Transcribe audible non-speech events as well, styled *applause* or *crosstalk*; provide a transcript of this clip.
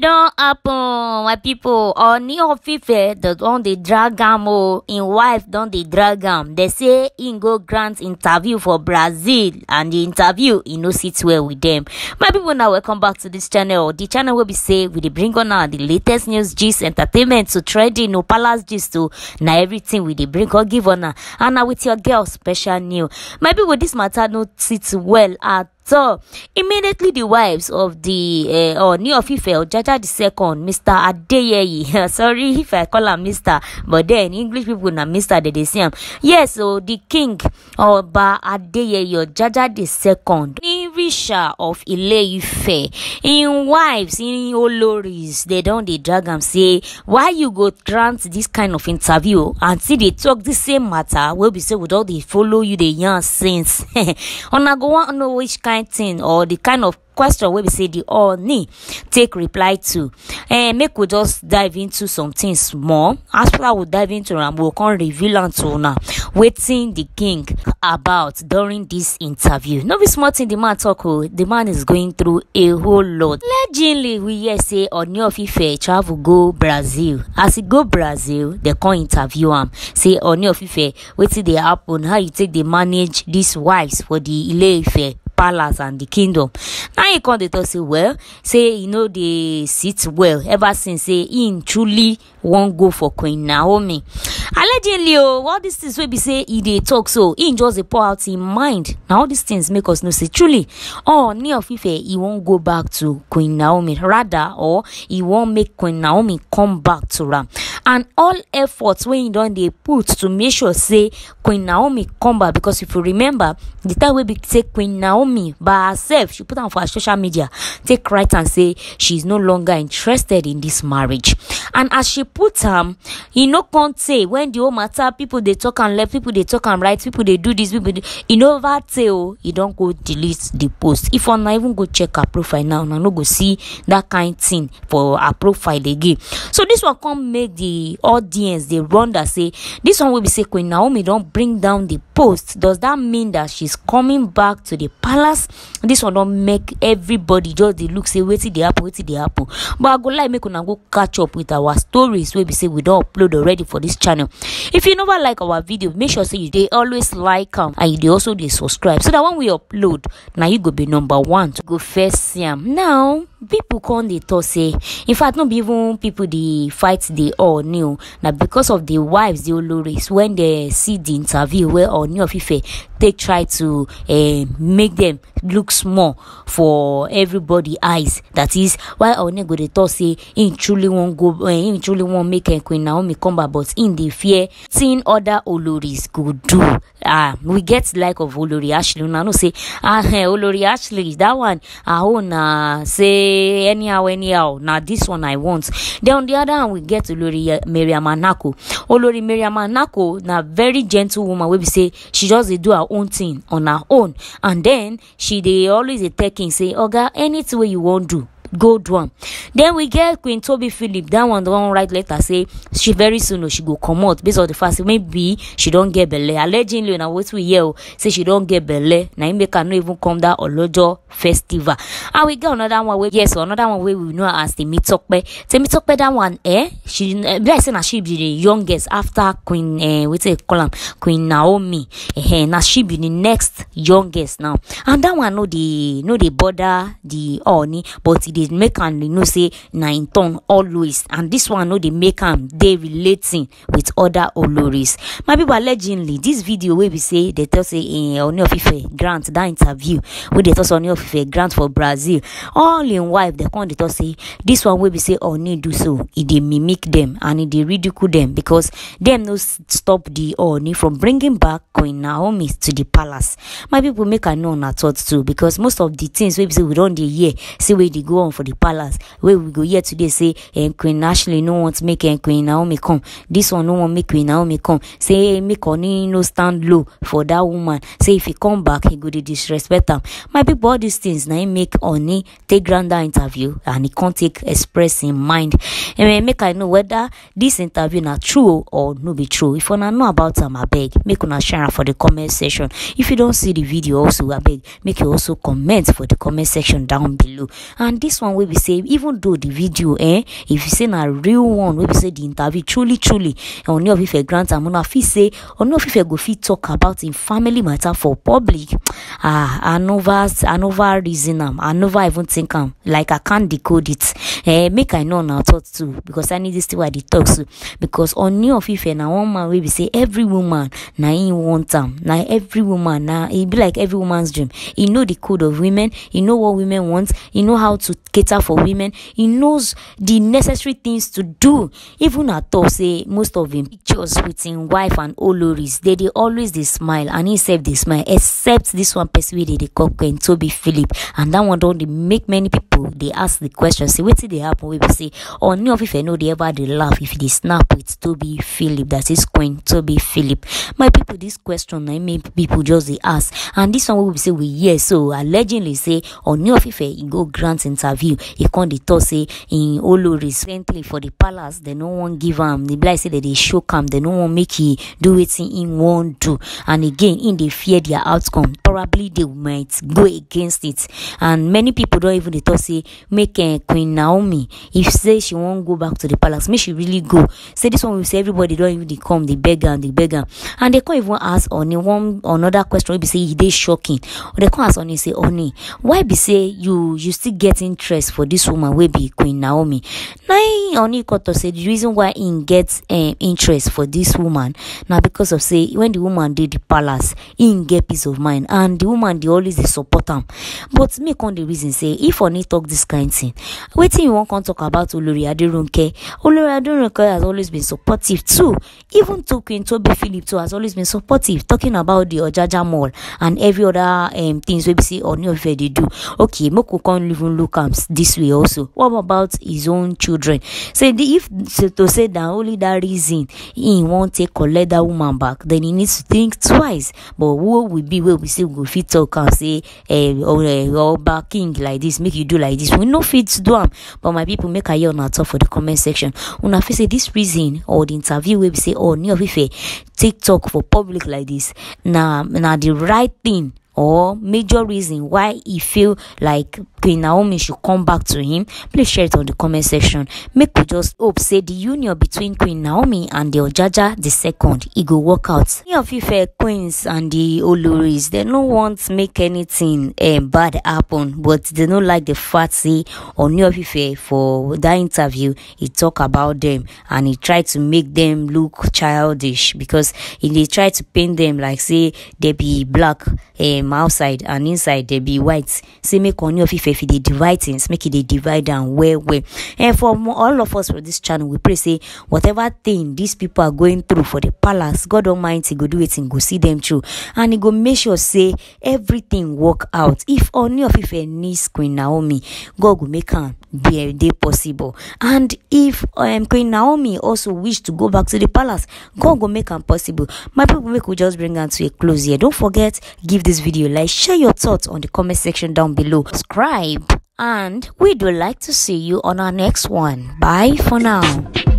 don happen my pipo oni of ife don dey drag am o oh. im wife don dey drag am dey say im go grant interview for brazil and di interview e no sit well wit dem my pipo na welcome back to dis channel di channel wey be say we dey bring on di latest news gist entertainment to trading o palace gist o oh. na everything we dey bring on give on and na with your girl special new my pipo dis matter no sit well at So immediately the wives of the uh, or Neo Fife Jaja the second, Mr. Adeyeye. *laughs* Sorry if I call him Mr. But then English people na Mr. They, they see him. Yes, so the king Ọba Adeyeye Jaja the second. He Elisha of Ile-Ife im wives im oloris they don't they drag am say why you go grant this kind of interview and see they talk the same matter wey be say we don dey follow you the yarn since On *laughs* I go wan know which kind thing or the kind of question we be say all Ooni take reply to eh make we just dive into some things more as we dive into and we go come reveal am to wetin the king about during this interview no be small tin di man talk. o the man is going through a whole lot allegedly we hear say oni of ife travel go brazil as he go brazil they come interview him. say oni of ife wetin dey happen how you take dey manage dis wives for the ile palace and the kingdom now e come dey talk say well say e no dey sit well ever since say im truly wan go for queen naomi allegedly o oh, all these things wey be say he dey talk so he just dey pour out im mind na all these things make us know say truly Ooni oh, of Ife e wan go back to queen naomi rather or he wan make queen naomi come back to am and all efforts wey he don dey put to make sure say queen naomi come back because if you remember the time wey be say queen naomi. Naomi by herself, she put on for her social media, take right and say she is no longer interested in this marriage. And as she put am, e no come tey when the whole matter people dey talk am left, people dey talk am right, people dey do this, people dey e no over tey o, oh, e don go delete the post. If una even go check her profile now, una no go see that kind thing for her profile again. So this one come make the audience dey wonder say this one wey be say Queen Naomi don bring down the post. Does that mean that she's coming back to the palace? alas dis one don make everybody just dey look say wetin dey happen wetin dey happen but i go like make una go catch up with our stories wey be say we don upload already for dis channel if you never like our video make sure say you dey always like am and you dey also dey subscribe so that when we upload na you go be number one to go first see am now people come dey talk say in fact no be even people dey fight the oni o na because of the wives di olores when dem see the interview wey oni of ife take try to uh, make them look small for everybody eyes that is why onego dey talk say he truly wan go uh, eh, him truly wan make uh, queen naomi come back but in dey fear seeing other oloris go do ah we get like of olori ashley una know say ah uh, olori ashley that one her ah, own oh, na say anyhow anyhow na this one i want then on the other hand we get olori uh, mariam anako olori mariam anako na very gentle woman wey be say she just dey do her own thing on her own and then she they always dey tell king say oga anything wey you wan do gold one then we get queen Toby philip that one don write letter say she very soon o she go comot based on the fact say maybe she don get belle allegedly na wetin we hear o say she don get belle na im make her no even come that olojo festival and we get another one wey yes another one wey we know as temitope temitope that one eh she eh, be like say na she be the youngest after queen eh, wetin they call am queen naomi eh, na she be the next youngest now and that one no dey no dey bother the ooni but e dey dey make am dey know say na im turn always and this one no dey make am dey relating with oda oloris my people allegedly this video wey be say dey tell say oni of ife grant that interview wey dey tell say oni of ife grant for brazil all im wife dem come dey talk say this one wey be say oni do so e dey mimic dem and e dey ridicule dem because dem no stop di oni from bringing back queen naomi to di palace my people make i know una thoughts too because most of di things wey be say we don dey hear say wey dey go on come for the palace where we go here today say eh, queen ashley no want make eh, queen naomi come this one no want make queen naomi come say eh, make oni no stand low for that woman say if he come back he go to disrespect them. my people, all these things now he make only take grander interview and can't take express in mind make i know whether this interview not true or no be true if wanna know about I beg make una share for the comment section if you don't see the video also beg make you also comment for the comment section down below and this. one wey be say even though the video eh if you say na real one wey be say the interview truly truly oni of ife grant am una fit say oni of ife go fit talk about im family matter for public ah i nova i nova reason am i nova even think am like i can't decode it eh make i know na thought too because i need this thing i dey talk so because oni of ife na one man wey be say every woman na im want am na every woman na e be like every woman's dream e know the code of women e know what women want e know how to cater for women he knows the necessary things to do even at all say most of him pictures with his wife and oloris they dey always they smile and he sef dey smile except this one person wey dey dey call queen toby philip and that one don't they make many people they ask the question say wetin dey happen We will say oh, no of I know they ever they laugh if they snap with toby philip that is queen toby philip my people this question I make people just they ask and this one we will say we hear so allegedly say oh, of if I go grant interview he e come dey talk say in olori recently for the palace they no one give him. The blessing say that dey show come, they no one make he do it in one do and again in the fear their outcome probably they might go against it and many people don't even dey say make eh, queen naomi if say she won't go back to the palace make she really go say this one will say everybody don't even come The beggar and the beggar. And and can come even ask oni one another question wey be say e dey shocking can come ask oni say only why be say you you still getting? for this woman will be queen naomi na im koto say the reason why he gets um, interest for this woman now because of say when the woman did the palace he get peace of mind and the woman they always dey support him. but me on the reason say if oni talk this kind thing, wetin you won't come talk about olori aderonke olori aderonke has always been supportive too even to queen tobi philip too has always been supportive talking about the ojaja mall and every other um, things we be say oni they do okay make we come even look am us this way also what about his own children say so if so to say that only that reason he won't take collect that woman back then he needs to think twice but who will be where we still go fit talk and say eh, or, oh, eh, or oh, back king like this make you do like this we no fit do am but my people make i hear not top for the comment section una fit say this reason or the interview where be say oh new of ife take for public like this Now na the right thing or major reason why he feel like Queen Naomi should come back to him, please share it on the comment section. Make we just hope, say the union between Queen Naomi and the Ojaja the second, it go work out. Many of queens and the Oluris, they no want make anything eh, bad happen, but they don't like the fact say Oni of fair for that interview, he talk about them and he tried to make them look childish because he tried to paint them like say they be black eh outside and inside they be white. Say make Oni of fair if they divide things make it a divide and well well and for all of us for this channel we pray say whatever thing these people are going through for the palace god almighty go do it and go see them through and he go make sure say everything work out if only of any needs queen naomi god go make a day possible and if um, queen naomi also wish to go back to the palace god go make am possible my people make will just bring am to a close here don't forget give this video like share your thoughts on the comment section down below subscribe subscribe and we would like to see you on our next one. Bye for now.